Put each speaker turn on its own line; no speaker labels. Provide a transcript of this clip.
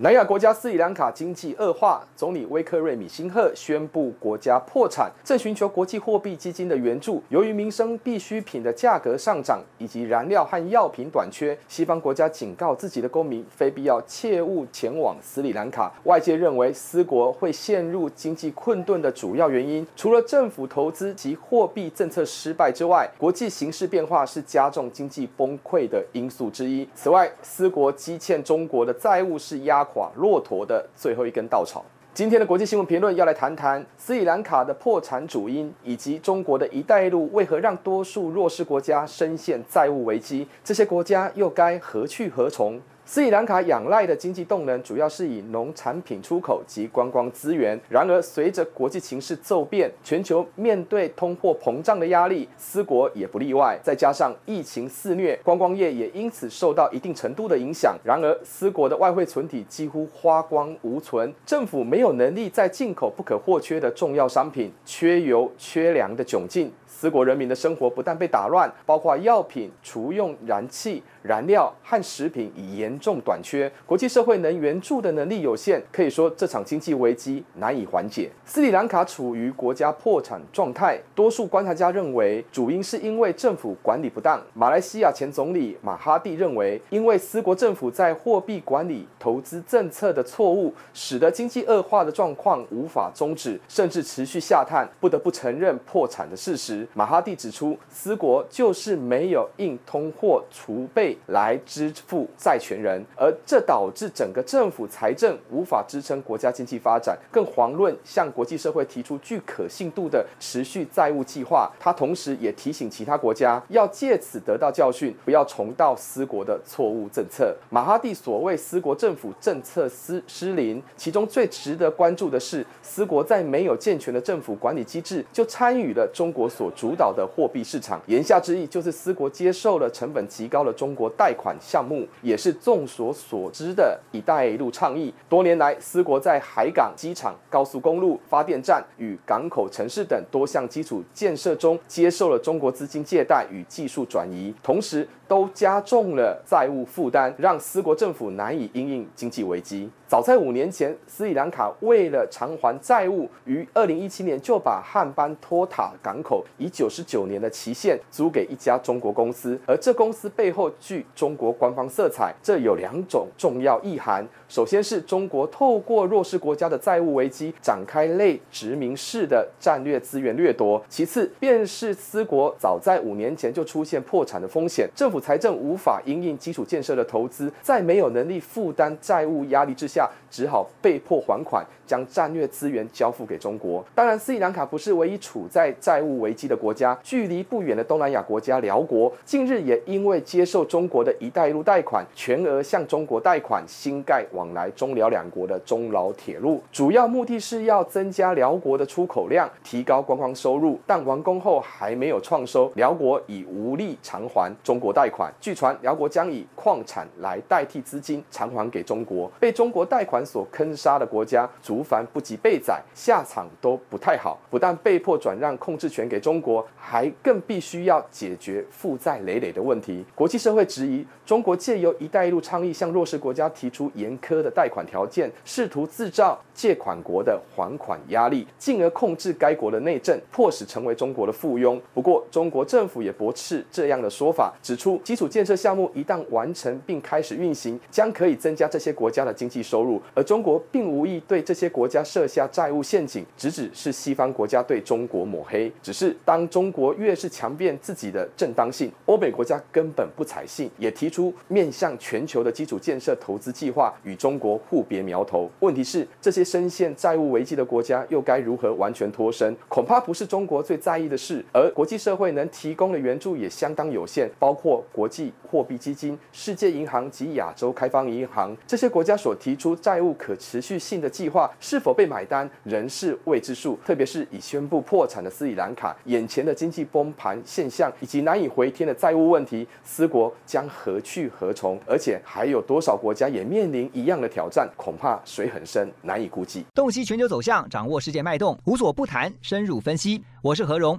南亞國家斯里蘭卡經濟惡化，總理威克瑞米辛赫宣布國家破產，正尋求國際貨幣基金的援助。由於民生必需品的價格上漲以及燃料和藥品短缺，西方國家警告自己的公民非必要切勿前往斯里蘭卡。外界認為斯國會陷入經濟困頓的主要原因，除了政府投資及貨幣政策失敗之外，國際形勢變化是加重經濟崩潰的因素之一。此外，斯國積欠中國的債務是壓垮駱駝的最後一根稻草。今天的國際新聞評論要來談談斯里蘭卡的破產主因，以及中國的一帶一路為何讓多數弱勢國家深陷債務危機，這些國家又該何去何從？斯里蘭卡仰賴的經濟動能主要是以農產品出口及觀光資源，然而隨着國際情勢驟變，全球面對通貨膨脹的壓力，斯國也不例外。再加上疫情肆虐，觀光業也因此受到一定程度的影響。然而，斯國的外匯存底幾乎花光無存，政府沒有能力再進口不可或缺的重要商品，缺油缺糧的窘境。斯國人民的生活不但被打亂，包括藥品、廚用燃氣、燃料和食品已嚴重短缺。國際社會能援助的能力有限，可以說這場經濟危機難以緩解。斯里蘭卡處於國家破產狀態，多數觀察家認為主因是因為政府管理不當。馬來西亞前總理馬哈蒂認為，因為斯國政府在貨幣管理、投資政策的錯誤，使得經濟惡化的狀況無法終止，甚至持續下探，不得不承認破產的事實。馬哈蒂指出，斯國就是沒有硬通貨儲備來支付債權人，而這導致整個政府財政無法支撐國家經濟發展，更遑論向國際社會提出具可信度的持續債務計劃。他同時也提醒其他國家要借此得到教訓，不要重蹈斯國的錯誤政策。馬哈蒂所謂斯國政府政策失失靈，其中最值得關注的是斯國在沒有健全的政府管理機制就參與了中國所主導的貨幣市場，言下之意就是斯國接受了成本極高的中國貸款項目，也是眾所所知的一帶一路倡議。多年來，斯國在海港、機場、高速公路、發電站與港口、城市等多項基礎建設中接受了中國資金借貸與技術轉移，同時。都加重了債務負擔，讓斯國政府難以因應經濟危機。早在五年前，斯里蘭卡為了償還債務，於二零一七年就把漢班托塔港口以九十九年的期限租給一家中國公司，而這公司背後具中國官方色彩。這有兩種重要意涵：首先是中國透過弱勢國家的債務危機展開類殖民式的戰略資源掠奪；其次便是斯國早在五年前就出現破產的風險，政府。財政無法因應基礎建設的投資，在沒有能力負擔債務壓力之下，只好被迫還款，將戰略資源交付給中國。當然，斯里蘭卡不是唯一處在債務危機的國家，距離不遠的東南亞國家寮國，近日也因為接受中國的一帶一路貸款，全額向中國貸款新蓋往來中寮兩國的中老鐵路，主要目的是要增加寮國的出口量，提高觀光,光收入。但完工後還沒有創收，寮國已無力償還中國貸。據傳，寮國將以礦產來代替資金償還給中國。被中國貸款所坑殺的國家，族繁不及備載，下場都不太好。不但被迫轉讓控制權給中國，還更必須要解決負債累累的問題。國際社會質疑，中國借由“一帶一路”倡議向弱勢國家提出嚴苛的貸款條件，試圖製造借款國的還款壓力，進而控制該國的內政，迫使成為中國的附庸。不過，中國政府也駁斥這樣的說法，指出。基礎建設項目一旦完成並開始運行，將可以增加這些國家的經濟收入。而中國並無意對這些國家設下債務陷阱，直指是西方國家對中國抹黑。只是當中國越是強辯自己的正當性，歐美國家根本不採信，也提出面向全球的基礎建設投資計劃與中國互別苗頭。問題是，這些深陷債務危機的國家又該如何完全脫身？恐怕不是中國最在意的事。而國際社會能提供的援助也相當有限，包括。國際貨幣基金、世界銀行及亞洲開發銀行這些國家所提出債務可持續性的計劃是否被買單，仍是未知數。特別是已宣布破產的斯里蘭卡，眼前的經濟崩盤現象以及難以回天的債務問題，斯國將何去何從？而且還有多少國家也面臨一樣的挑戰？恐怕水很深，難以估計。洞悉全球走向，掌握世界脈動，無所不談，深入分析。我是何榮。